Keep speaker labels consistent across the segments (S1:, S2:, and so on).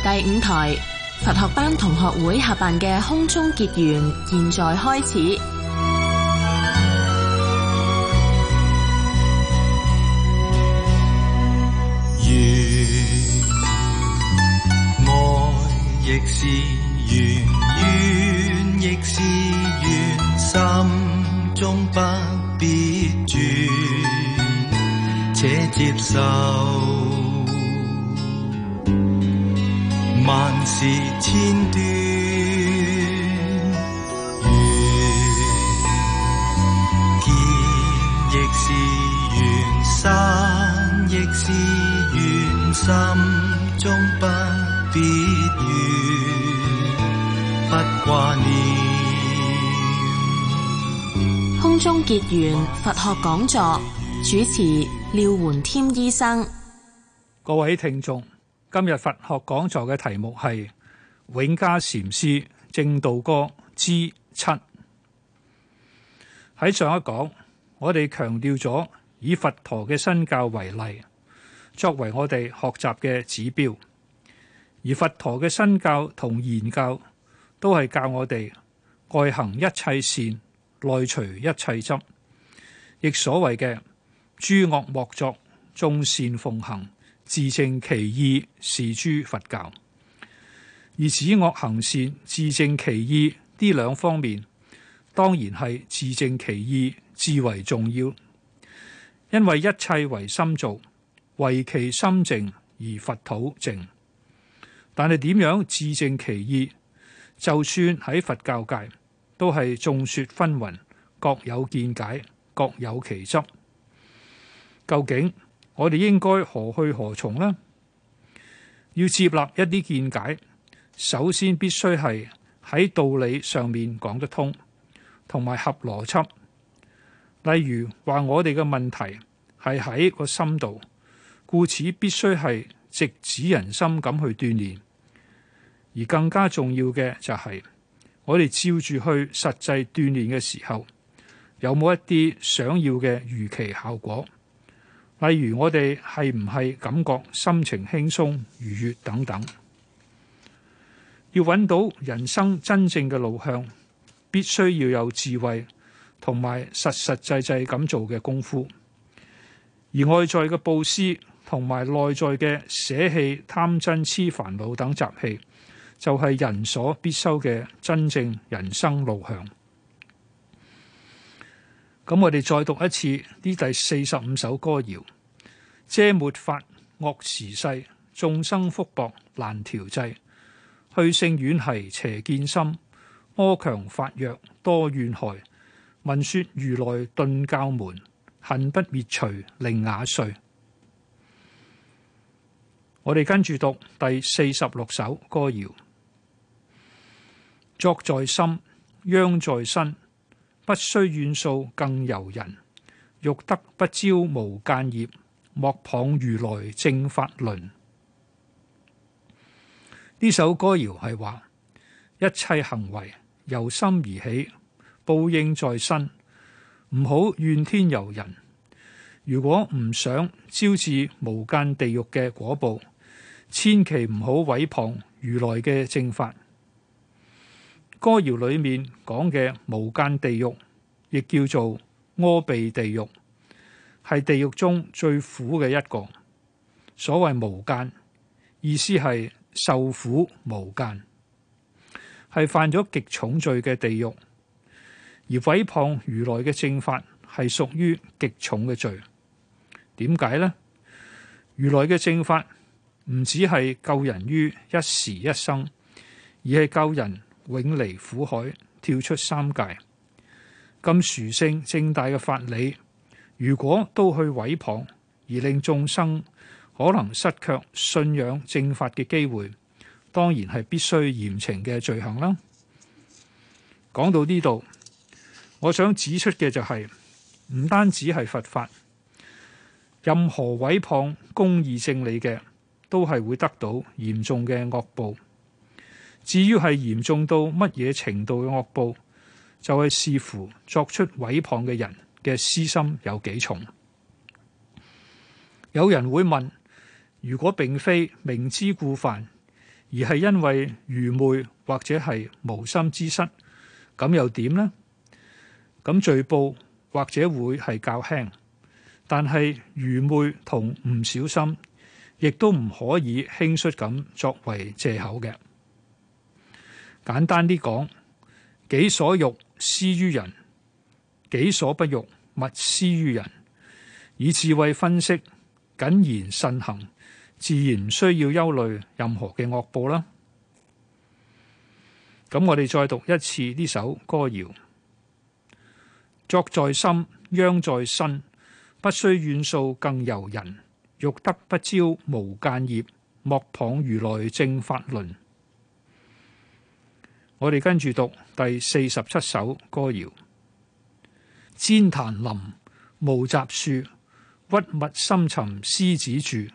S1: 第五台佛學班同學會合辦嘅空中結緣，現在開始。結緣佛學講座，主持廖垣添醫
S2: 生，各位聽眾，今日佛學講座嘅題目係《永嘉禪師證道歌》之七。喺上一講，我哋強調咗以佛陀嘅身教為例，作為我哋學習嘅指標。而佛陀嘅身教同言教，都係教我哋外行一切善。內除一切執，亦所謂嘅諸惡莫作，眾善奉行，自淨其意是諸佛教。而止惡行善，自淨其意呢兩方面，當然係自淨其意至為重要，因為一切為心造，為其心淨，而佛土淨。但係點樣自淨其意？就算喺佛教界。都係眾說紛紜，各有見解，各有其執。究竟我哋應該何去何從呢？要接納一啲見解，首先必須係喺道理上面講得通，同埋合邏輯。例如話，我哋嘅問題係喺個深度，故此必須係直指人心咁去鍛鍊。而更加重要嘅就係、是。我哋照住去實際鍛鍊嘅時候，有冇一啲想要嘅預期效果？例如我哋係唔係感覺心情輕鬆、愉悅等等？要揾到人生真正嘅路向，必須要有智慧同埋實實際際咁做嘅功夫，而外在嘅佈施同埋內在嘅捨棄、貪嗔、痴煩惱等雜氣。就係人所必修嘅真正人生路向。咁我哋再讀一次呢第四十五首歌謠：嗟末法惡時世，眾生福薄難調制；去聖遠兮邪見心，魔強法弱多怨害。聞說如來頓教門，恨不滅除令瓦碎。我哋跟住讀第四十六首歌謠。作在心，殃在身，不須怨數，更尤人。欲得不招無間業，莫謗如來正法輪。呢首歌謠係話：一切行為由心而起，報應在身。唔好怨天尤人。如果唔想招致無間地獄嘅果報，千祈唔好毀謗如來嘅正法。歌謠裏面講嘅無間地獄，亦叫做阿鼻地獄，係地獄中最苦嘅一個。所謂無間，意思係受苦無間，係犯咗極重罪嘅地獄。而毀謗如來嘅正法係屬於極重嘅罪。點解呢？如來嘅正法唔只係救人於一時一生，而係救人。永離苦海，跳出三界。咁殊勝正大嘅法理，如果都去毀謗，而令眾生可能失却信仰正法嘅機會，當然係必須嚴懲嘅罪行啦。講到呢度，我想指出嘅就係，唔單止係佛法，任何毀謗公義正理嘅，都係會得到嚴重嘅惡報。至於係嚴重到乜嘢程度嘅惡報，就係、是、視乎作出毀謗嘅人嘅私心有幾重。有人會問：如果並非明知故犯，而係因為愚昧或者係無心之失，咁又點呢？咁罪報或者會係較輕，但係愚昧同唔小心，亦都唔可以輕率咁作為借口嘅。簡單啲講，己所欲，施於人，己所不欲，勿施於人。以智慧分析，謹言慎行，自然唔需要憂慮任何嘅惡報啦。咁我哋再讀一次呢首歌謠，作在心，殃在身，不須怨訴更由人。欲得不招無間業，莫傍如來正法輪。我哋跟住讀第四十七首歌謠：旃檀林無雜樹，鬱密深沉獅子住，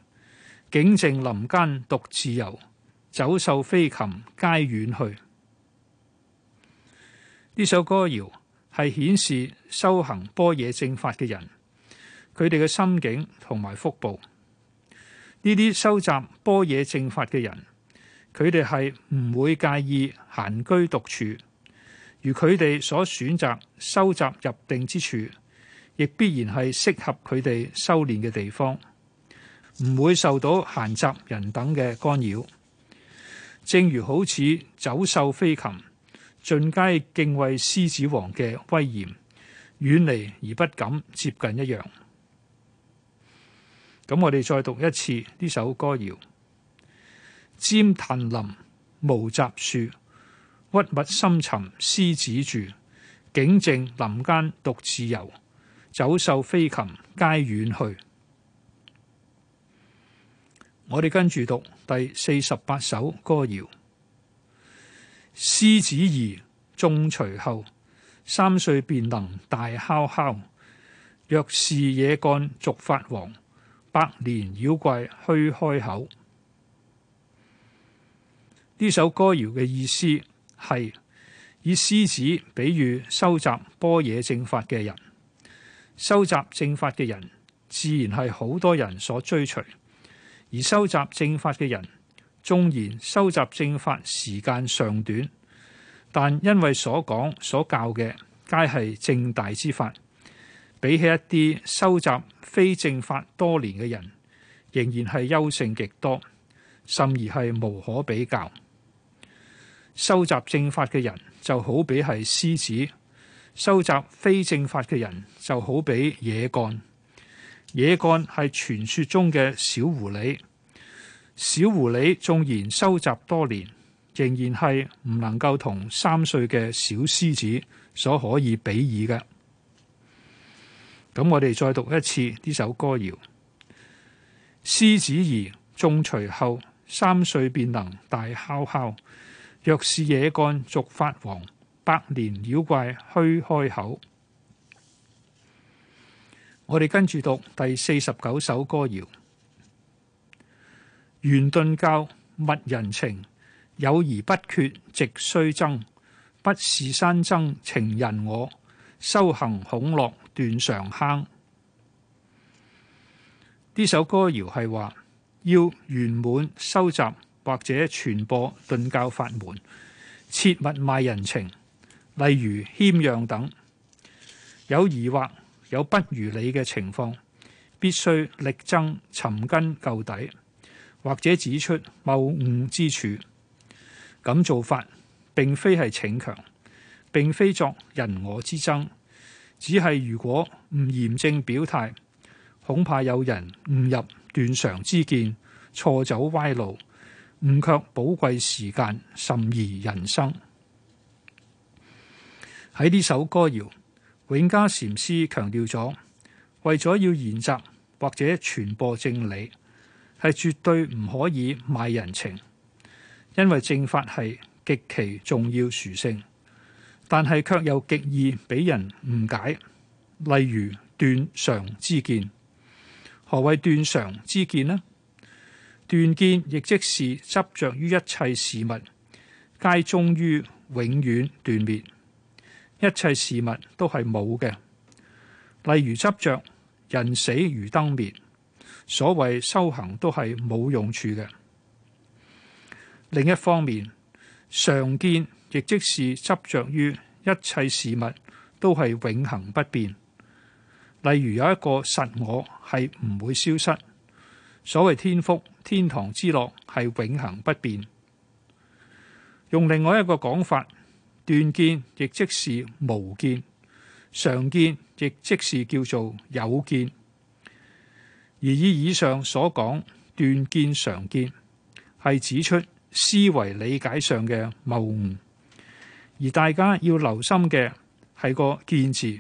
S2: 境靜林間獨自遊，走獸飛禽皆遠去。呢首歌謠係顯示修行般若正法嘅人，佢哋嘅心境同埋福報。呢啲收集般若正法嘅人。佢哋係唔會介意閒居獨處，而佢哋所選擇收集入定之處，亦必然係適合佢哋修練嘅地方，唔會受到閒雜人等嘅干擾。正如好似走獸飛禽，盡皆敬畏獅子王嘅威嚴，遠離而不敢接近一樣。咁我哋再讀一次呢首歌謠。栴檀林無雜樹，鬱密深沉獅子住。景靜林間獨自遊，走獸飛禽皆遠去。我哋跟住讀第四十八首歌謠。獅子兒，眾隨後，三歲便能大哮吼。若是野干逐法王，百年妖怪虛開口。呢首歌謠嘅意思係以獅子比喻收集般若正法嘅人，收集正法嘅人自然係好多人所追隨。而收集正法嘅人，縱然收集正法時間尚短，但因為所講所教嘅皆係正大之法，比起一啲收集非正法多年嘅人，仍然係優勝極多，甚而係無可比較。收集正法嘅人就好比係獅子，收集非正法嘅人就好比野幹。野幹係傳說中嘅小狐狸，小狐狸縱然收集多年，仍然係唔能夠同三歲嘅小獅子所可以比擬嘅。咁我哋再讀一次呢首歌謠：獅子兒眾隨後，三歲便能大哮哮。若是野干逐法王，百年妖怪虛開口。我哋跟住讀第四十九首歌謠：圓頓教勿人情，有疑不決，直須爭。不是山僧情人我，修行恐落斷常坑。呢首歌謠係話要圓滿收集。或者傳播頓教法門，切勿賣人情，例如謙讓等。有疑惑、有不如理嘅情況，必須力爭尋根究底，或者指出謬誤之處。咁做法並非係逞強，並非作人我之爭，只係如果唔嚴正表態，恐怕有人誤入斷常之見，錯走歪路。唔卻寶貴時間，甚而人生。喺呢首歌謠，永嘉禪師強調咗，為咗要研習或者傳播正理，係絕對唔可以賣人情，因為正法係極其重要殊勝，但係卻有極易俾人誤解，例如斷常之見。何謂斷常之見呢？斷見亦即是執着於一切事物，皆終於永遠斷滅。一切事物都係冇嘅，例如執着人死如燈滅。所謂修行都係冇用處嘅。另一方面，常見亦即是執着於一切事物都係永恒不變，例如有一個實我係唔會消失。所謂天福。天堂之樂係永恆不變。用另外一個講法，斷見亦即是無見，常見亦即是叫做有見。而以以上所講斷見常見，係指出思維理解上嘅謬誤。而大家要留心嘅係個見字，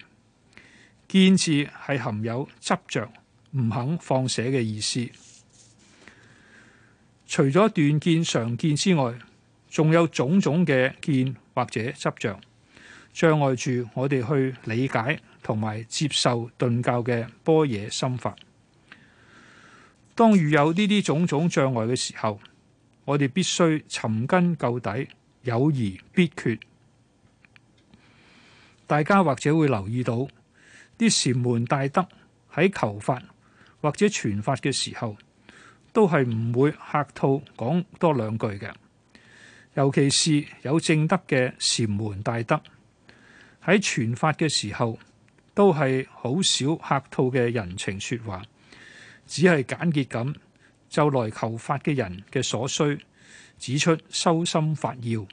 S2: 見字係含有執着、唔肯放捨嘅意思。除咗斷見常見之外，仲有種種嘅見或者執像障礙住我哋去理解同埋接受頓教嘅般若心法。當遇有呢啲種種障礙嘅時候，我哋必須尋根究底，有疑必決。大家或者會留意到啲禪門大德喺求法或者傳法嘅時候。都係唔會客套講多兩句嘅，尤其是有正德嘅禪門大德喺傳法嘅時候，都係好少客套嘅人情説話，只係簡潔咁就來求法嘅人嘅所需，指出修心法要。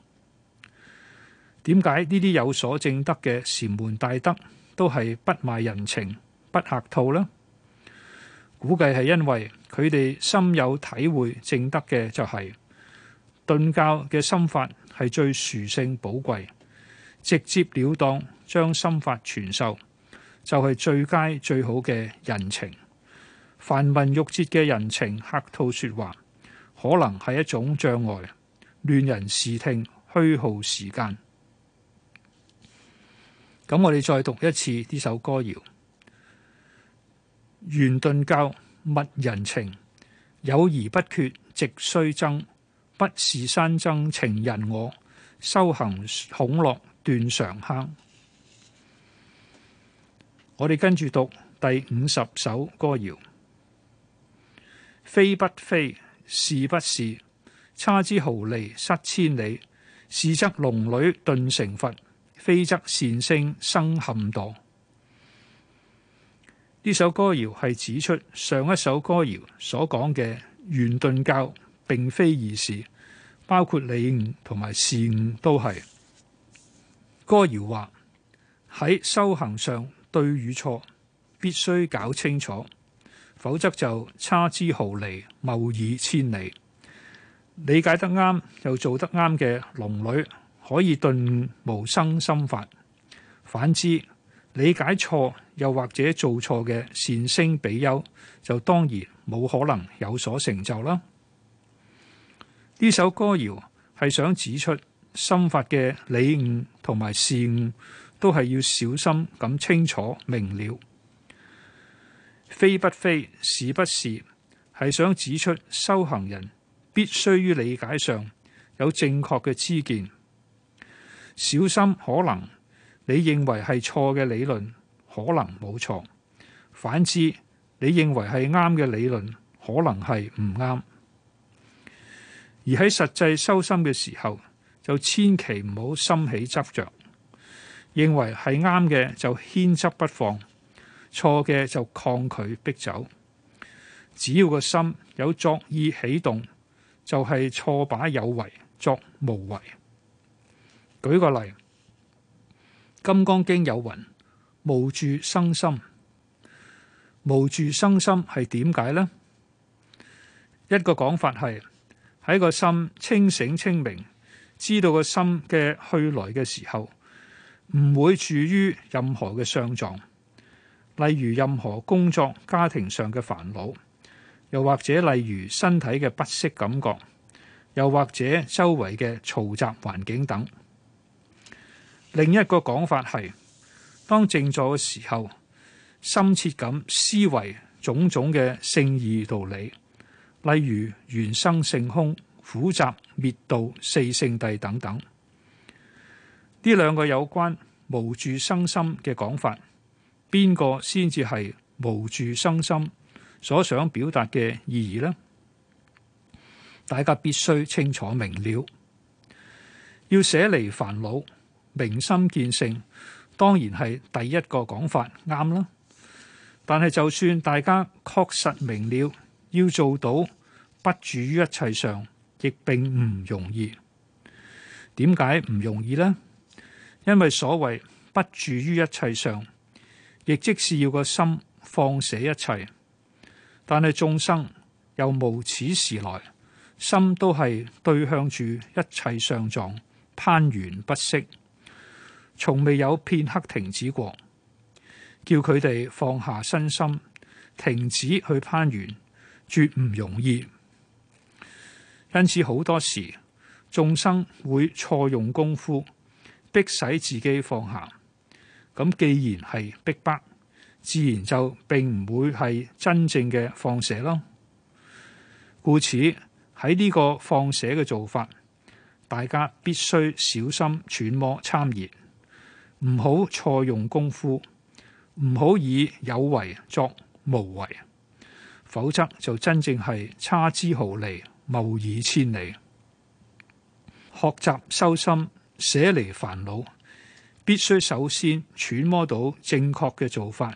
S2: 點解呢啲有所正德嘅禪門大德都係不賣人情、不客套呢？估計係因為。佢哋深有體會正得嘅就係、是、頓教嘅心法係最殊勝寶貴，直接了當將心法傳授就係、是、最佳最好嘅人情。繁文縟節嘅人情客套説話，可能係一種障礙，亂人視聽，虛耗時間。咁我哋再讀一次呢首歌謠，圓頓教。物人情，有疑不決，直須爭。不是山爭情人我，修行恐落斷常坑。我哋跟住讀第五十首歌謠：非不非，是不是，差之毫厘失千里。是則龍女頓成佛，非則善聲生陷墮。呢首歌謠係指出上一首歌謠所講嘅圓頓教並非易事，包括理悟同埋事悟都係。歌謠話喺修行上對與錯必須搞清楚，否則就差之毫厘，謬以千里。理解得啱又做得啱嘅龍女可以頓悟無生心法，反之。理解錯又或者做錯嘅善聲比丘，就當然冇可能有所成就啦。呢首歌謠係想指出心法嘅理悟同埋事悟都係要小心咁清楚明了。非不非，事不事，是不是係想指出修行人必須於理解上有正確嘅知見，小心可能。你認為係錯嘅理論，可能冇錯；反之，你認為係啱嘅理論，可能係唔啱。而喺實際修心嘅時候，就千祈唔好心起執着，認為係啱嘅就牽執不放，錯嘅就抗拒逼走。只要個心有作意起動，就係錯把有為作無為。舉個例。《金剛經》有云：無住生心，無住生心係點解呢？一個講法係喺個心清醒清明，知道個心嘅去來嘅時候，唔會住於任何嘅相狀，例如任何工作、家庭上嘅煩惱，又或者例如身體嘅不適感覺，又或者周圍嘅嘈雜環境等。另一個講法係，當靜坐嘅時候，深切咁思維種種嘅聖義道理，例如緣生性空、苦集滅道四聖諦等等。呢兩個有關無住生心嘅講法，邊個先至係無住生心所想表達嘅意義呢？大家必須清楚明瞭，要捨離煩惱。明心見性當然係第一個講法，啱啦。但係就算大家確實明了，要做到不住於一切上，亦並唔容易。點解唔容易呢？因為所謂不住於一切上，亦即是要個心放捨一切。但係眾生又無始時來，心都係對向住一切上撞攀緣不息。從未有片刻停止過，叫佢哋放下身心，停止去攀緣，絕唔容易。因此好多時，眾生會錯用功夫，逼使自己放下。咁既然係逼迫，自然就並唔會係真正嘅放捨咯。故此喺呢個放捨嘅做法，大家必須小心揣摩參研。唔好錯用功夫，唔好以有為作無為，否則就真正係差之毫釐，謬以千里。學習修心、捨離煩惱，必須首先揣摩到正確嘅做法。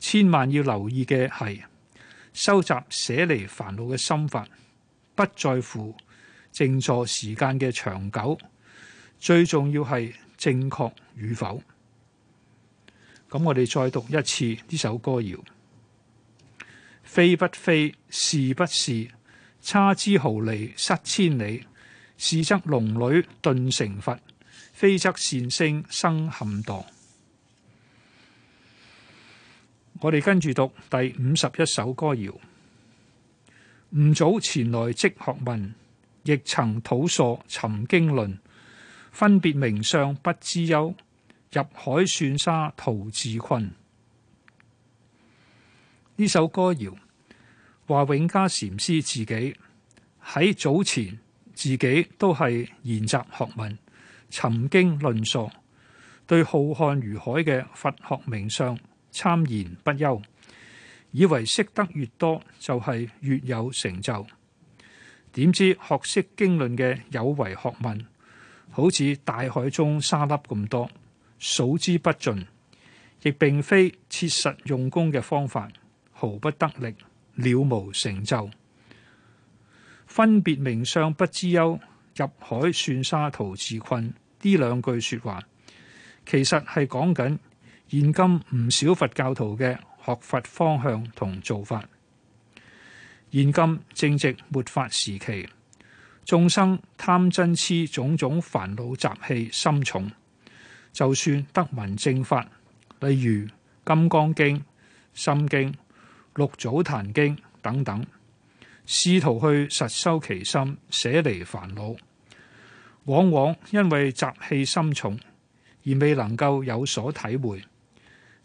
S2: 千萬要留意嘅係，收集捨離煩惱嘅心法，不在乎靜坐時間嘅長久，最重要係。正確與否？咁我哋再讀一次呢首歌謠：非不非，是不是，差之毫釐失千里。是則龍女頓成佛，非則善星生陷墜。我哋跟住讀第五十一首歌謠：吾早前來積學問，亦曾討疏尋經論。分別名相不知休，入海算沙徒自困。呢首歌謠話：永嘉禪師自己喺早前自己都係研習學問，尋經論述，對浩瀚如海嘅佛學名相參研不休，以為識得越多就係越有成就。點知學識經論嘅有為學問。好似大海中沙粒咁多，數之不盡，亦並非切實用功嘅方法，毫不得力，了無成就。分別名相不知休，入海算沙徒自困。呢兩句說話，其實係講緊現今唔少佛教徒嘅學佛方向同做法。現今正值末法時期。眾生貪嗔痴種種煩惱習氣深重，就算得聞正法，例如《金剛經》《心經》《六祖壇經》等等，試圖去實修其心，捨離煩惱，往往因為習氣深重而未能夠有所體會，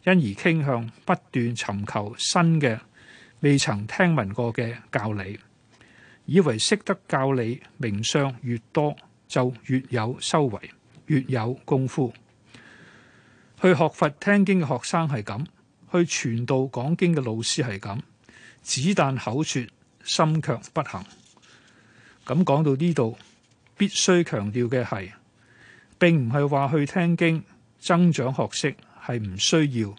S2: 因而傾向不斷尋求新嘅未曾聽聞過嘅教理。以為識得教理名相越多就越有修為，越有功夫。去學佛聽經嘅學生係咁，去傳道講經嘅老師係咁，只但口説，心卻不行。咁講到呢度，必須強調嘅係並唔係話去聽經增長學識係唔需要，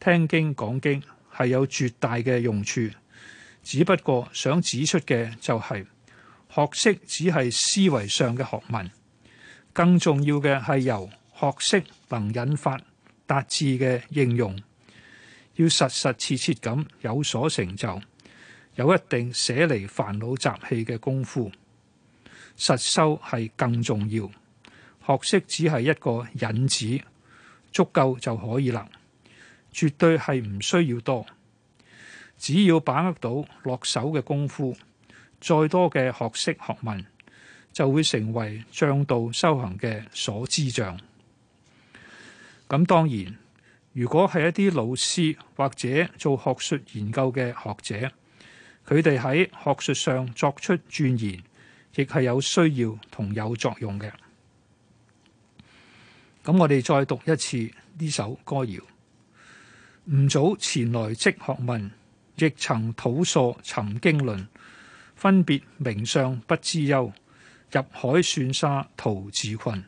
S2: 聽經講經係有絕大嘅用處。只不過想指出嘅就係、是、學識只係思維上嘅學問，更重要嘅係由學識能引發達致嘅應用，要實實切切咁有所成就，有一定捨離煩惱雜氣嘅功夫，實修係更重要。學識只係一個引子，足夠就可以啦，絕對係唔需要多。只要把握到落手嘅功夫，再多嘅學識學問就會成為障道修行嘅所知障。咁當然，如果係一啲老師或者做學術研究嘅學者，佢哋喺學術上作出鑽研，亦係有需要同有作用嘅。咁我哋再讀一次呢首歌謠，吾早年來積學問。亦曾討疏尋經論，分別名相不知休，入海算沙徒自困。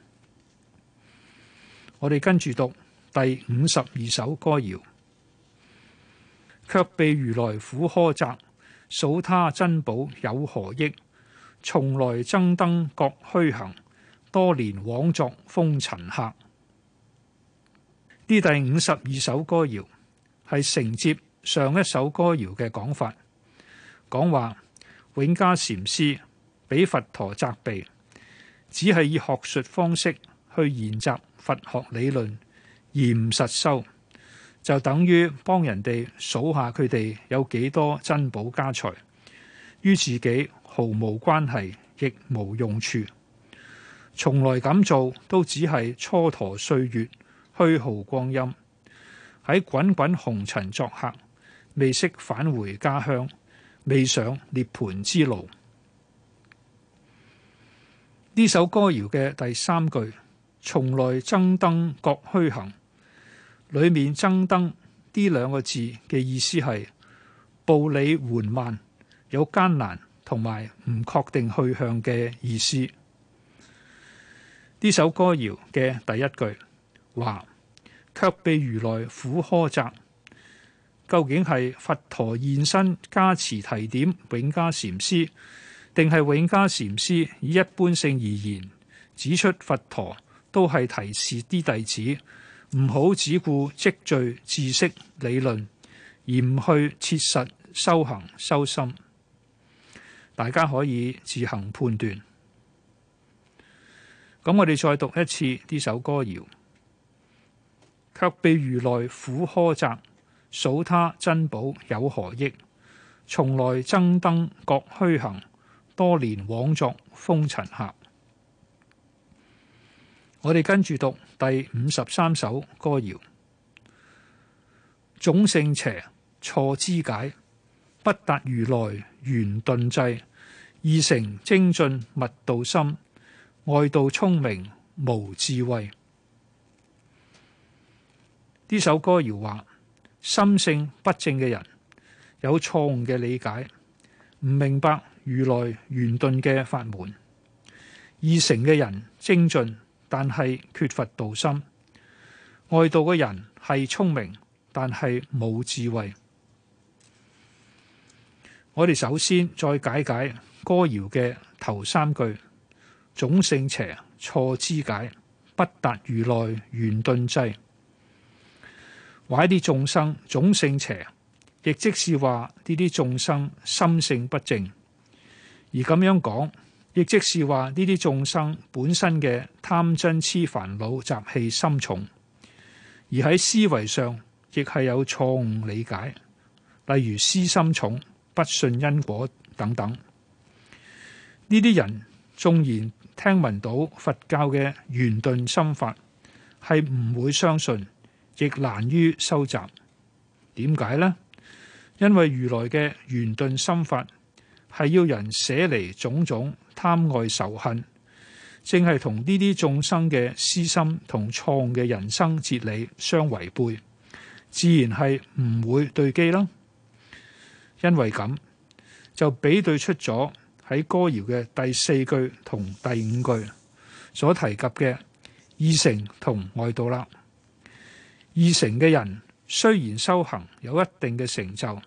S2: 我哋跟住讀第五十二首歌謠， 卻被如來苦訶責，數他珍寶有何益？從來蹭蹬覺虛行，多年枉作風塵客。呢 第五十二首歌謠係承接。上一首歌謠嘅講法講話，永嘉禪師俾佛陀責備，只係以學術方式去研習佛學理論而唔實修，就等於幫人哋數下佢哋有幾多珍寶家財，於自己毫無關係，亦無用處。從來咁做都只係蹉跎歲月，虛耗光陰，喺滾滾紅塵作客。未識返回家鄉，未上涅槃之路。呢首歌謠嘅第三句，從來蹭蹬覺虛行，裡面蹭蹬呢兩個字嘅意思係步履緩慢、有艱難同埋唔確定去向嘅意思。呢首歌謠嘅第一句話，卻被如來苦訶責。究竟係佛陀現身加持提點永嘉禪師，定係永嘉禪師以一般性而言指出佛陀都係提示啲弟子唔好只顧積聚知識理論，而唔去切實修行修心。大家可以自行判斷。咁我哋再讀一次呢首歌謠，卻被如來苦訶責。數他珍寶有何益？從來爭登各虛行，多年枉作風塵客。我哋跟住讀第五十三首歌謠：種性邪錯知解，不達如來圓頓制。二成精進，密道深愛道聰明無智慧。呢首歌謠話。心性不正嘅人有錯誤嘅理解，唔明白如來圓頓嘅法門；二乘嘅人精進，但係缺乏道心；外道嘅人係聰明，但係冇智慧。我哋首先再解解歌謠嘅頭三句：種性邪錯知解，不達如來圓頓制。話啲眾生種性邪，亦即是話呢啲眾生心性不正，而咁樣講，亦即是話呢啲眾生本身嘅貪嗔、痴煩惱習氣深重，而喺思維上亦係有錯誤理解，例如私心重、不信因果等等。呢啲人縱然聽聞到佛教嘅圓頓心法，係唔會相信。亦難於收集，點解呢？因為如來嘅圓頓心法係要人捨離種種貪愛仇恨，正係同呢啲眾生嘅私心同錯嘅人生哲理相違背，自然係唔會對機啦。因為咁就比對出咗喺歌謠嘅第四句同第五句所提及嘅意成同外道啦。二成嘅人雖然修行有一定嘅成就，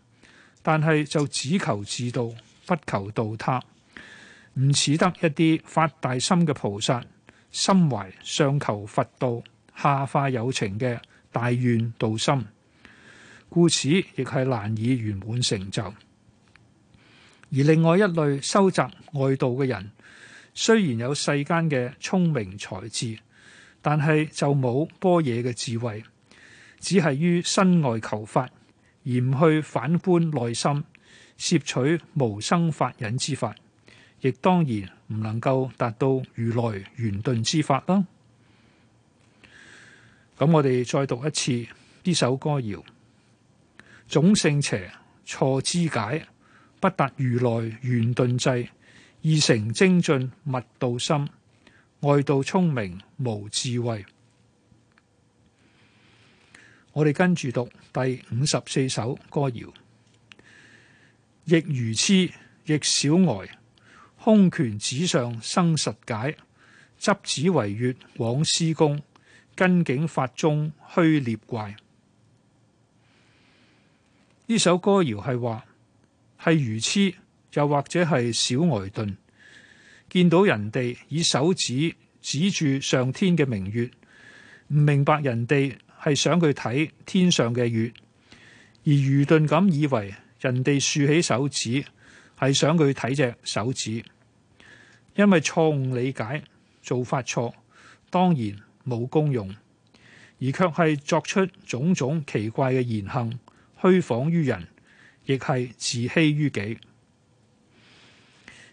S2: 但係就只求自度，不求度他。唔似得一啲發大心嘅菩薩，心懷上求佛道，下化有情嘅大願道心，故此亦係難以圓滿成就。而另外一類修習外道嘅人，雖然有世間嘅聰明才智，但係就冇般若嘅智慧。只係於身外求法，而唔去反觀內心，攝取無生法忍之法，亦當然唔能夠達到如來圓頓之法啦。咁我哋再讀一次呢首歌謠：種性邪錯知解，不達如來圓頓制，意成精進密深愛道心，外道聰明無智慧。我哋跟住讀第五十四首歌謠，亦如痴亦小呆，空拳指上生實解，執指為月枉施功，根境法中虛孽怪。呢首歌謠係話係如痴，又或者係小呆頓，見到人哋以手指指住上天嘅明月，唔明白人哋。係想佢睇天上嘅月，而愚鈍咁以為人哋豎起手指，係想佢睇隻手指，因為錯誤理解做法錯，當然冇功用，而卻係作出種種奇怪嘅言行，虛晃於人，亦係自欺於己。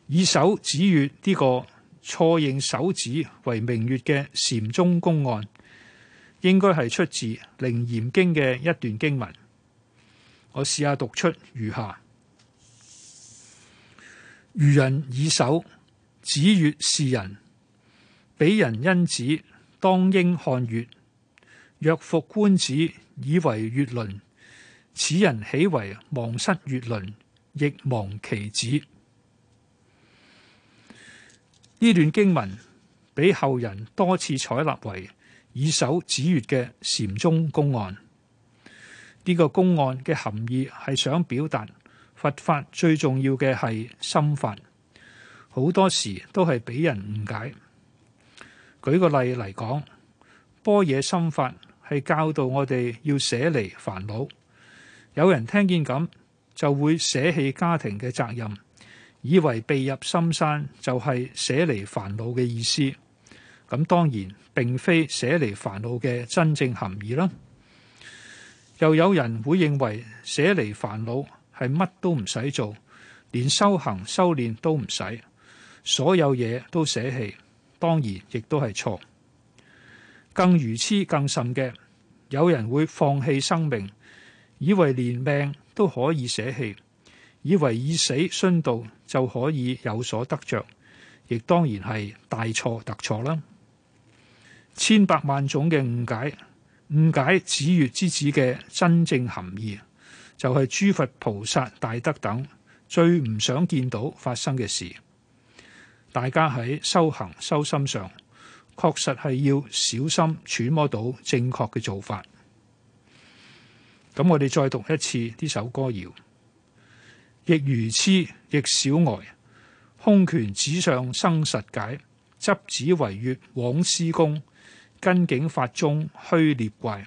S2: 以手指月呢個錯認手指為明月嘅禪宗公案。應該係出自《楞嚴經》嘅一段經文，我試下讀出如下：如人以手指月示人，彼人因指當應看月，若復觀指，以為月輪，此人豈為忘失月輪，亦忘其指。」呢段經文俾後人多次採納為以手指月嘅禪宗公案，呢個公案嘅含義係想表達佛法最重要嘅係心法，好多時都係俾人誤解。舉個例嚟講，般若心法係教導我哋要捨離煩惱，有人聽見咁就會捨棄家庭嘅責任，以為避入深山就係捨離煩惱嘅意思。咁當然並非捨離煩惱嘅真正含義啦。又有人會認為捨離煩惱係乜都唔使做，連修行修練都唔使，所有嘢都捨棄，當然亦都係錯。更愚痴更甚嘅，有人會放棄生命，以為連命都可以捨棄，以為以死殉道就可以有所得着，亦當然係大錯特錯啦。千百萬種嘅誤解，誤解指月之指嘅真正含義，就係、是、諸佛菩薩大德等最唔想見到發生嘅事。大家喺修行修心上，確實係要小心揣摩到正確嘅做法。咁我哋再讀一次呢首歌謠，亦愚癡亦小騃，空拳指上生實解，執指為月枉施功。」根境法中虛列怪。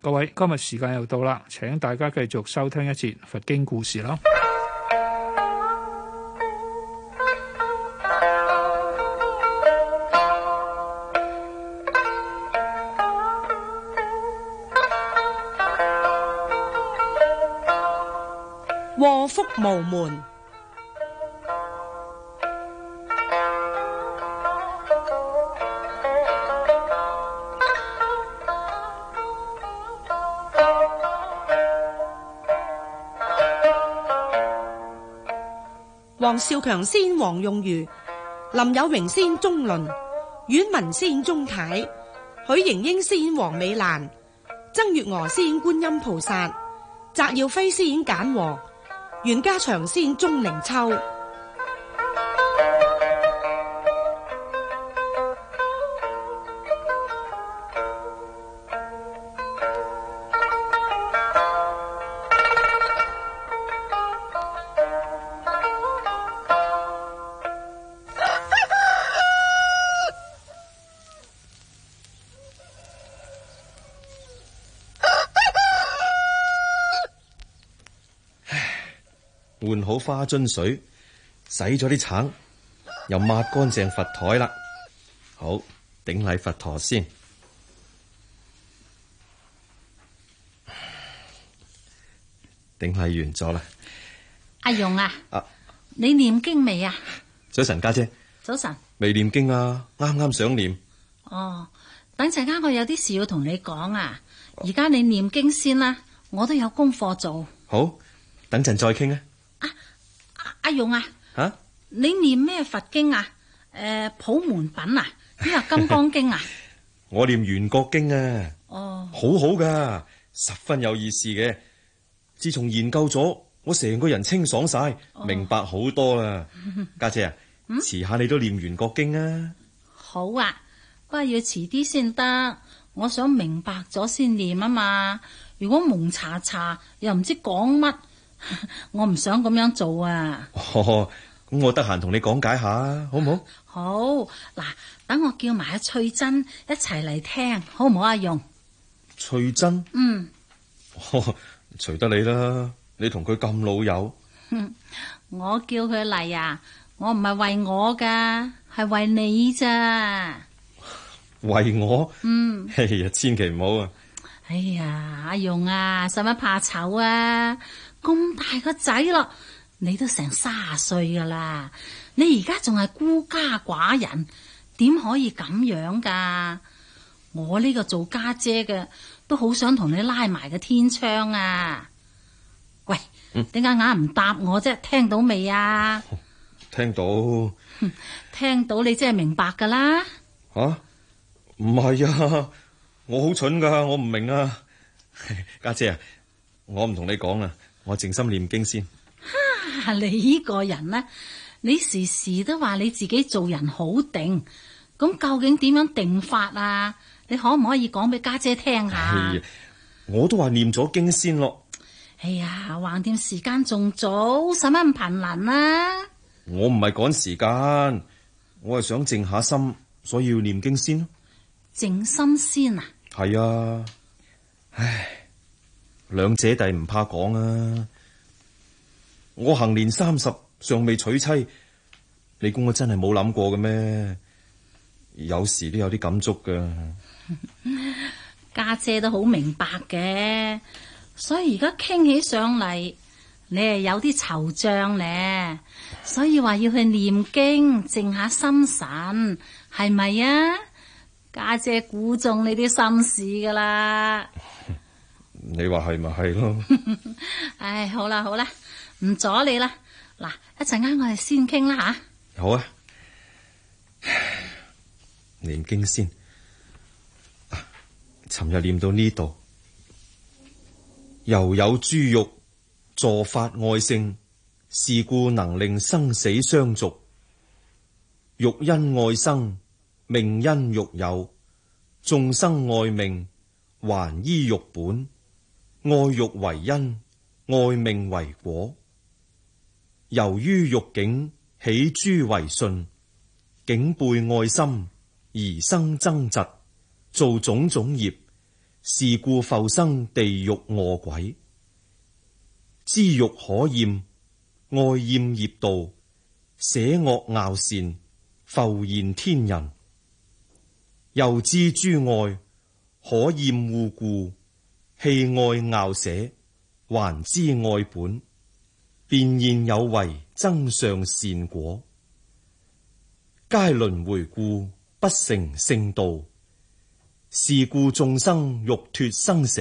S2: 各位今日時間又到啦，請大家繼續收聽一節佛經故事啦。
S1: 禍福無門。黃少強飾演王用瑜，林有榮飾演鍾倫，阮文飾演鍾太，許瑩英飾演黃美蘭，曾月娥飾演觀音菩薩，翟耀輝飾演簡和，袁家祥飾演鍾靈秋。
S3: 花樽水洗咗啲橙，又抹乾淨佛台啦。好頂禮佛陀先，頂禮完咗啦。
S4: 阿蓉啊，啊你念經未啊？
S3: 早晨，家姐，姐。早晨安。未念經啊？啱啱想念。
S4: 哦，等陣間我有啲事要同你講啊。而家你念經先啦，我都有功課做。
S3: 好，等陣再傾啊。阿勇啊，吓、啊、
S4: 你念咩佛經啊？誒、嗯，普門品啊，還是金剛經啊？
S3: 我念圓覺經啊，哦，好好噶，十分有意思嘅。自從研究咗，我成個人清爽晒，明白好多啦。家、哦、 姐,姐啊，遲下你都念圓覺經啊、嗯？
S4: 好啊，不過要遲啲先得，我想明白咗先念啊嘛。如果蒙查查，又唔知講乜。我唔想咁樣做啊！
S3: 哦，咁我得閒同你講解下，好唔好？啊、
S4: 好嗱，等我叫埋阿、啊、翠珍一齊嚟聽，好唔好、啊？阿容
S3: 翠珍真，嗯，隨得、哦、你啦。你同佢咁老友，
S4: 我叫佢嚟啊，我唔係為我噶，係為你咋？
S3: 為我，嗯，嘿呀，千祈唔好啊！
S4: 哎呀，阿容啊，使乜怕醜啊？咁大個仔咯，你都成卅歲噶啦，你而家仲係孤家寡人，點可以咁樣噶？我呢個做家姐嘅都好想同你拉埋個天窗啊！喂，點解硬唔答我啫？聽到未啊、嗯？
S3: 聽到，
S4: 聽到你真係明白噶啦。
S3: 吓、啊，唔係啊，我好蠢噶，我唔明啊，家 姐啊，我唔同你講啊！我靜心念經先。
S4: 哈、啊！你呢個人呢？你時時都話你自己做人好定，咁究竟點樣定法啊？你可唔可以講俾家姐聽下、哎？
S3: 我都話念咗經先咯。
S4: 哎呀，橫掂時間仲早，使乜咁頻難啊？
S3: 我唔係趕時間，我係想靜下心，所以要念經先、啊。
S4: 靜心先啊？
S3: 係啊、哎。唉。兩姐弟唔怕講啊！我行年三十，尚未娶妻，你估我真係冇諗過嘅咩？有時都有啲感觸噶。家
S4: 姐，姐都好明白嘅，所以而家傾起上嚟，你係有啲惆悵咧，所以話要去念經，靜下心神，係咪啊？家姐估中你啲心事噶啦。
S3: 你話係咪係咯？
S4: 唉，好啦好啦，唔阻你啦。嗱，一陣間我哋先傾啦吓。
S3: 好，好啊，念經先。啊，尋日念到呢度，由 有諸欲助發愛性，是故能令生死相續。欲因愛生，命因欲有；眾生愛命，還依欲本。愛欲為因，愛命為果。由於欲境起諸違順，境背愛心而生憎嫉，造種種業，是故復生地獄餓鬼。知欲可厭，愛厭業道，捨惡樂善，復現天人。又知諸愛可厭惡故。棄愛傲捨，還知愛本；便現有為，增上善果。皆輪回故，不成聖道。是故眾生欲脫生死，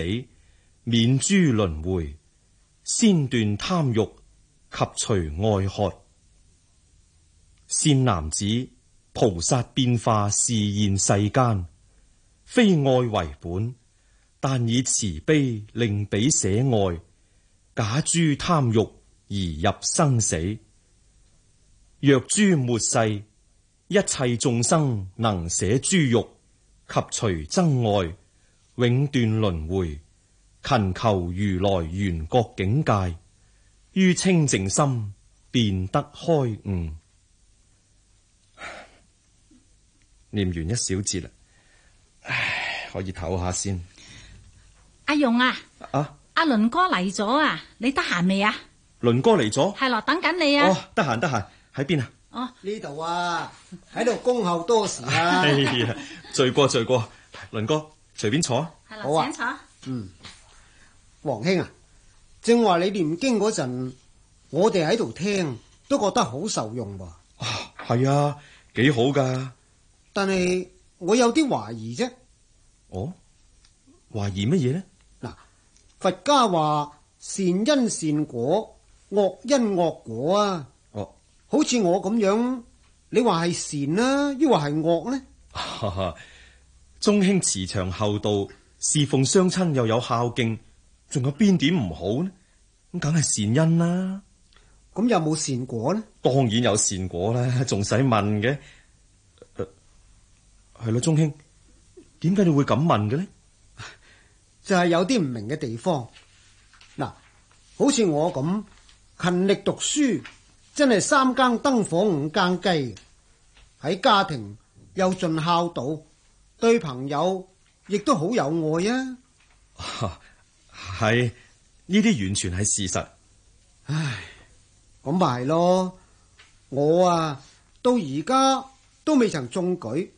S3: 免諸輪回，先斷貪欲及除愛渴。善男子，菩薩變化示現世間，非愛為本。但以慈悲令彼捨愛，假諸貪欲而入生死。若諸末世一切眾生能捨諸欲及除憎愛，永斷輪迴，勤求如來圓覺境界，於清淨心便得開悟。念完一小節啦，唉，可以唞下先。阿勇啊，啊阿
S4: 阿倫哥嚟咗啊！你得閒未啊？
S3: 倫哥嚟咗，
S4: 係咯，等
S5: 緊你啊！哦，
S3: 得閒得閒，喺邊、哦、啊？
S5: 哦，呢度啊，喺度恭候多時啊，
S3: 罪過罪過，倫哥隨便坐，係
S5: 啦好啊，請坐。
S3: 嗯，
S5: 黃兄啊，正話你念經嗰陣，我哋喺度聽，都覺得好受用噃。啊，
S3: 係啊，幾好噶。
S5: 但係我有啲懷疑啫。哦，懷疑乜嘢呢？佛家話善因善果，惡因惡果啊！哦，好似我咁樣，你話係善啦、啊，抑或話係惡呢？哈哈、
S3: 啊，鍾兄慈祥厚道，侍奉雙親又有孝敬，仲有邊點唔好呢？咁梗係善因啦、啊，咁有冇善果呢？當然有善果啦，仲使問嘅？
S5: 係、呃、咯，鍾兄，點解你會咁問嘅呢？就係有啲唔明嘅地方嗱，好似我咁勤力讀書，真係三更燈火五更雞，喺家庭又盡孝道，對朋友亦都好有愛啊！
S3: 係呢啲完全係事實。
S5: 唉，咁咪係咯，我啊到而家都未曾中舉，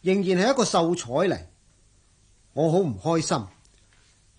S5: 仍然係一個秀才嚟，我好唔開心。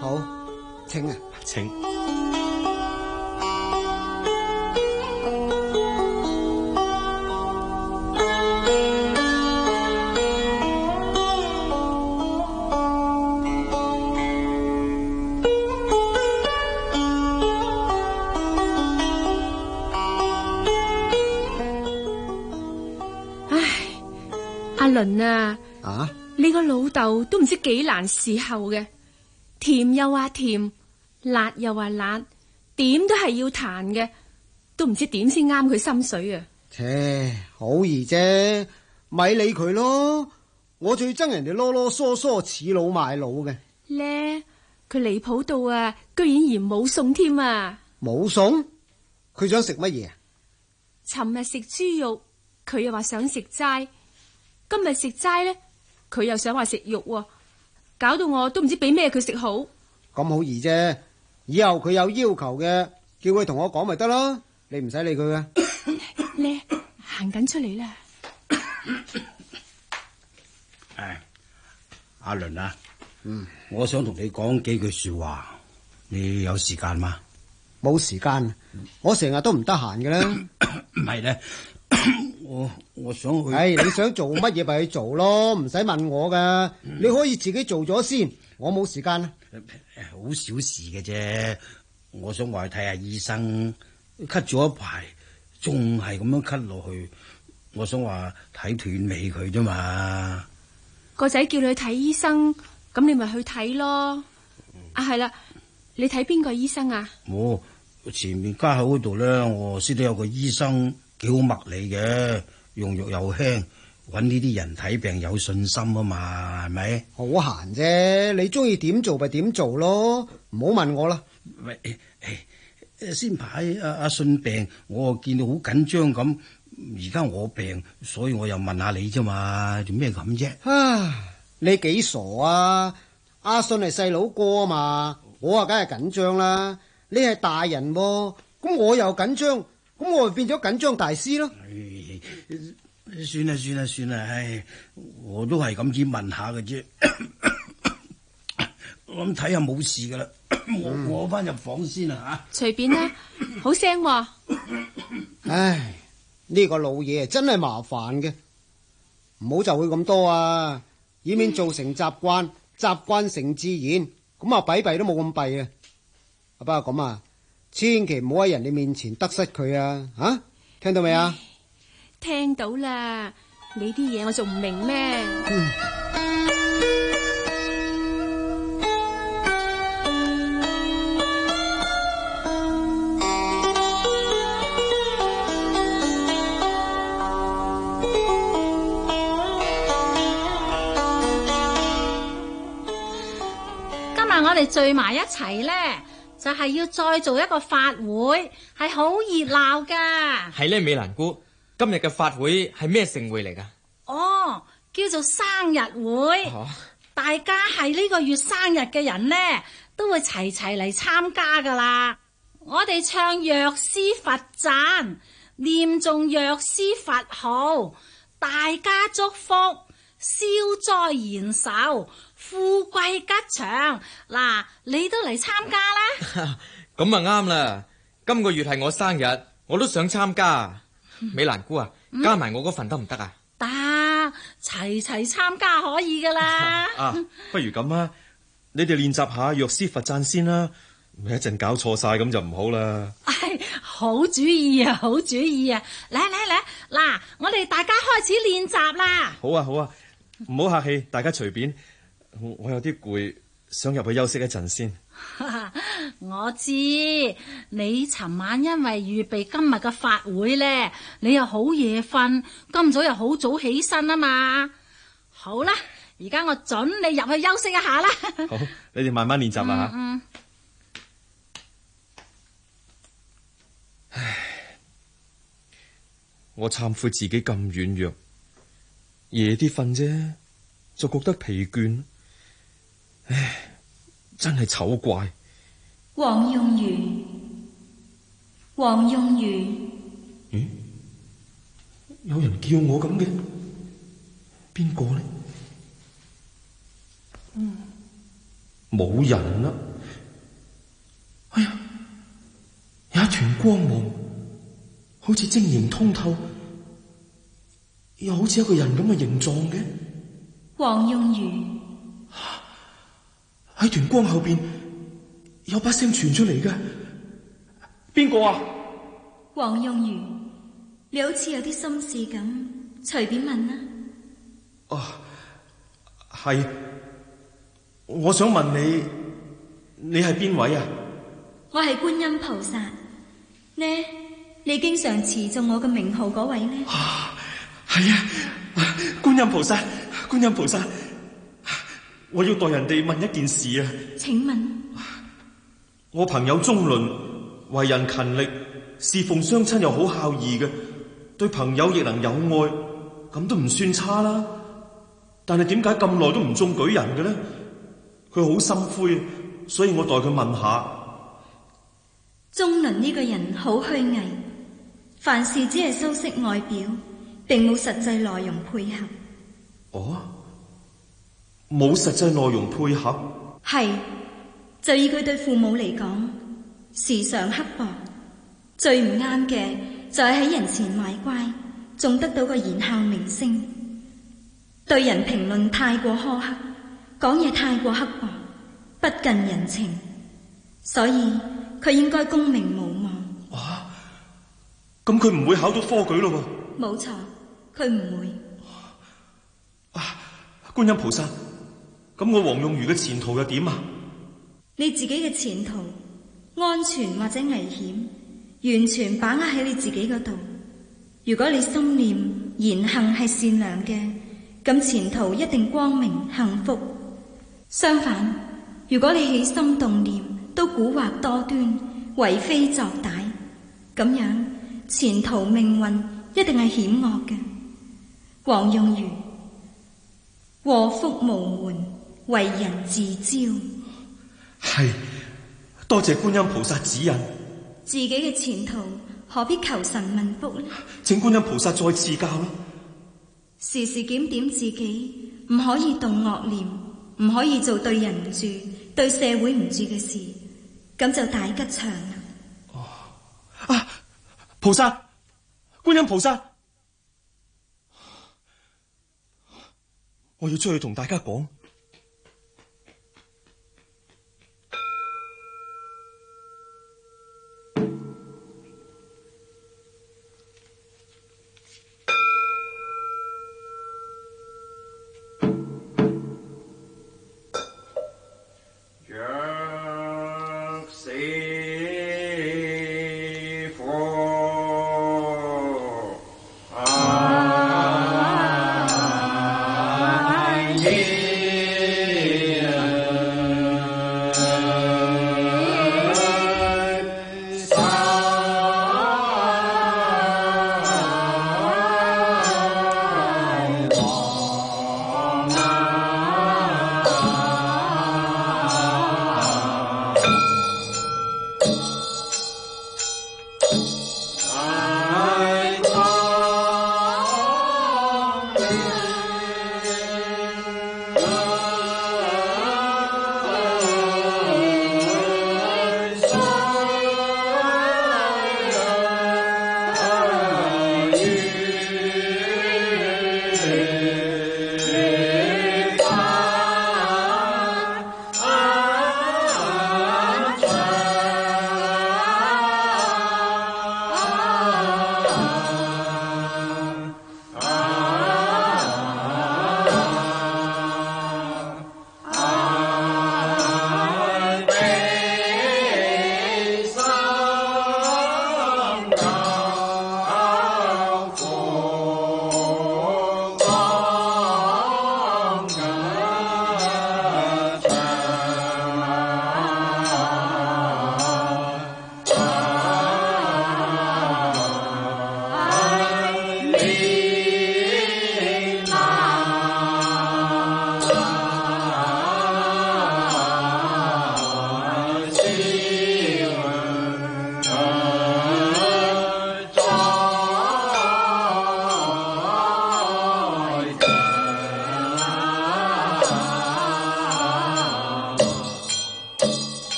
S3: 好，請啊，請。
S1: 唉，阿倫啊，啊，你個老豆都唔知幾難伺候嘅。甜又話甜，辣又話辣，點都係要彈嘅，都唔知點先啱佢心水啊！
S5: 切、呃，好易啫，咪理佢咯。我最憎人哋囉囉嗦嗦、似老賣老嘅。
S1: 咧，佢離譜到啊，居然嫌冇餸添啊！
S5: 冇餸，佢想食乜嘢啊？
S1: 尋日食豬肉，佢又話想食齋；今日食齋咧，佢又想話食肉喎。搞到我都唔知俾咩佢食好，
S5: 咁好易啫！以後佢有要求嘅，叫佢同我講咪得咯，
S6: 你唔使理佢嘅。
S1: 你行緊出嚟啦，
S6: 誒，阿倫啊，嗯，我想同你講幾句說話，你有時間嗎？冇時間，我成日都
S5: 唔得閒嘅啦，唔係咧。我我想去，哎，你想做乜嘢咪去做咯，唔使 問我噶，你可以自己做咗先，我冇時間。
S6: 好小事嘅啫，我想話去睇下醫生，咳咗一排，仲係咁樣咳落去，我想話睇斷尾佢啫嘛。
S1: 個仔叫你去睇醫生，咁你咪去睇咯。啊，係啦，你睇邊個醫生啊？
S6: 冇，前面街口嗰度咧，我識得有個醫生。幾好脈理嘅，用肉又輕，揾呢啲人睇病有信心啊嘛，係咪？
S5: 好閒啫，你中意點做咪點
S6: 做咯，唔好問我啦。喂、哎哎，先排阿阿信病，我見到你好緊張咁，而家我病，所以我又問下你啫嘛，做咩咁啫？啊，你幾傻啊？阿、啊、信係細佬哥
S5: 啊嘛，我啊梗係緊張啦。你係大人喎、啊，咁我又緊張。咁我咪變咗緊張大師咯！
S6: 算啦算啦算啦，唉，我都係咁樣問，問下嘅啫， 我諗睇下冇事噶啦， 我我翻入房先啦吓。
S1: 隨、啊、便啦， 好聲、啊。
S5: 唉，呢、這個老嘢真係麻煩嘅，唔好就會咁多啊，以免造成習慣，習慣、嗯、成自然，咁啊弊弊都冇咁弊啊。阿伯咁啊。千祈唔好喺人哋面前得失佢啊！吓，聽到未啊？
S1: 聽到啦！你啲嘢我仲唔明咩？
S4: 唉今日我哋聚埋一齊咧，就係要再做一個法會，係好熱鬧噶
S3: 係呢，美蘭姑，今日嘅法會係咩盛會嚟噶？
S4: 哦，叫做生日會，哦、大家係呢個月生日嘅人呢，都會齊齊嚟參加噶啦。我哋唱藥師佛讚，念誦藥師佛號，大家祝福，消災延壽。富貴吉祥，嗱，你都嚟參加啦！
S3: 咁啊啱啦，今個月係我生日，我都想參加。美蘭姑啊，嗯、加埋我嗰份得唔得啊？
S4: 得，齊齊參加可以噶啦啊。
S3: 啊，不如咁啦，你哋練習下藥師佛讚先啦，咪一陣搞錯晒咁就唔好啦、
S4: 哎。好主意啊，好主意啊！嚟嚟嚟，嗱，我哋大家開始練習啦
S3: 好、啊。好啊好啊，唔好客氣，大家隨便。我有啲攰，想入去休息一陣先。
S4: 我知你尋晚因為預備今日嘅法會咧，你又好夜瞓，今早又好早起身啊嘛。好啦，而家我准你入去休息一下啦。
S3: 好，你哋慢慢練習啦吓。嗯嗯、唉，我懺悔自己咁軟弱，夜啲瞓啫，就覺得疲倦。唉，真係醜怪！
S7: 黃用如，黃用如，嗯，
S3: 有人叫我咁嘅，邊個呢？嗯，冇人啦。哎呀，有一團光芒，好似晶瑩通透，又好似一個人咁嘅形狀嘅。
S7: 黃用如。
S3: 喺團光後邊有把聲傳出嚟嘅，
S7: 邊個啊？黃蓉如，你好似有啲心事咁，隨便問啦。
S3: 哦、啊，係，我想問你，你係邊位啊？
S7: 我係觀音菩薩，呢你經常持誦我嘅名號嗰位呢？
S3: 係啊，啊，觀音菩薩，觀音菩薩。我要代人哋問一件事啊！
S7: 請問，
S3: 我朋友中倫為人勤力，侍奉雙親又好孝義嘅，對朋友亦能有愛，咁都唔算差啦。但係點解咁耐都唔中舉人嘅呢？佢好心灰，所以我代佢問下：
S7: 中倫呢個人好虛偽，凡事只係修飾外表，並冇實際內容配合。
S3: 哦。冇實際內容配合，
S7: 係就以佢對父母嚟講，時常刻薄，最唔啱嘅就係喺人前賣乖，仲得到個言孝名聲，對人評論太過苛刻，講嘢太過刻薄，不近人情，所以佢應該功名無望。哇！
S3: 咁佢唔會考到科舉咯？
S7: 冇錯，佢唔會。
S3: 啊！觀音菩薩。咁我黃用如嘅前途又點啊？
S7: 你自己嘅前途安全或者危險，完全把握喺你自己嗰度。如果你心念言行係善良嘅，咁前途一定光明幸福。相反，如果你起心動念都蠱惑多端、為非作歹，咁樣前途命運一定係險惡嘅。黃用如，禍福無門。惟人自召，
S3: 係多謝觀音菩薩指引
S7: 自己嘅前途，何必求神問福呢？
S3: 請觀音菩薩再賜教啦！
S7: 時時檢點，點自己，唔可以動惡念，唔可以做對人唔住、對社會唔住嘅事，咁就大吉祥啦！哦
S3: 啊，菩薩，觀音菩薩，我要出去同大家講。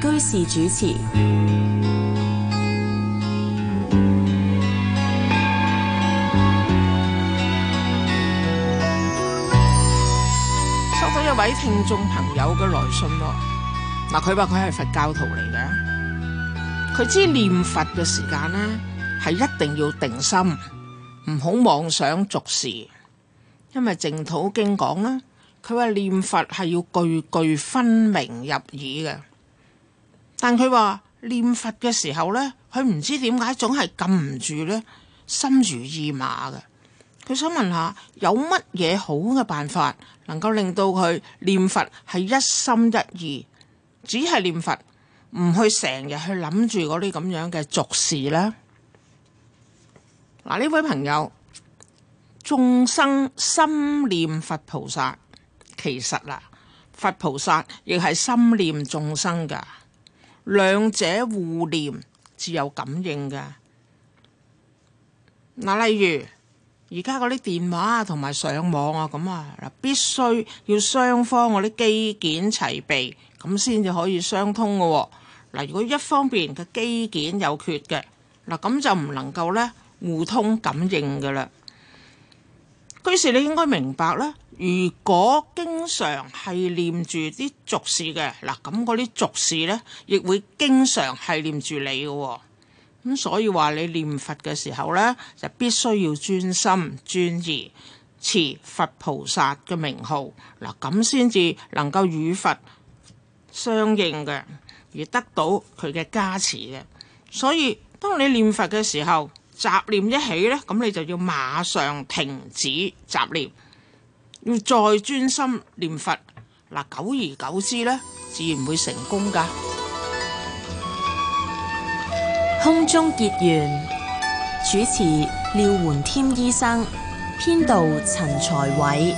S1: 居士主持，
S8: 收到一位聽眾朋友嘅來信喎，嗱，佢話佢係佛教徒嚟嘅，佢知念佛嘅時間呢，係一定要定心，唔好妄想俗事，因為淨土經講啦，佢話念佛係要句句分明入耳嘅。但佢話念佛嘅時候呢，佢唔知點解總係禁唔住呢，心猿意馬嘅。佢想問下有乜嘢好嘅辦法能夠令到佢念佛係一心一意，只係念佛，唔去成日去諗住嗰啲咁樣嘅俗事呢？嗱，呢位朋友，眾生心念佛菩薩，其實啦，佛菩薩亦係心念眾生噶。兩者互連自有感應嘅，嗱，例如而家嗰啲電話啊，同埋上網啊，咁啊，嗱，必須要雙方嗰啲機件齊備，咁先至可以相通嘅。嗱，如果一方面嘅機件有缺嘅，嗱，咁就唔能夠呢互通感應嘅啦。居士，你應該明白啦，如果經常係念住啲俗事嘅，嗱，咁嗰啲俗事咧，亦會經常係念住你嘅。咁所以話你念佛嘅時候咧，就必須要專心專意持佛菩薩嘅名號，嗱，咁先至能夠與佛相應嘅，而得到佢嘅加持嘅。所以當你念佛嘅時候。雜念一起呢，咁你就要馬上停止雜念，要再專心念佛。嗱，久而久之呢，自然會成功噶。空中結緣，主
S1: 持廖垣添醫生，編導陳才偉。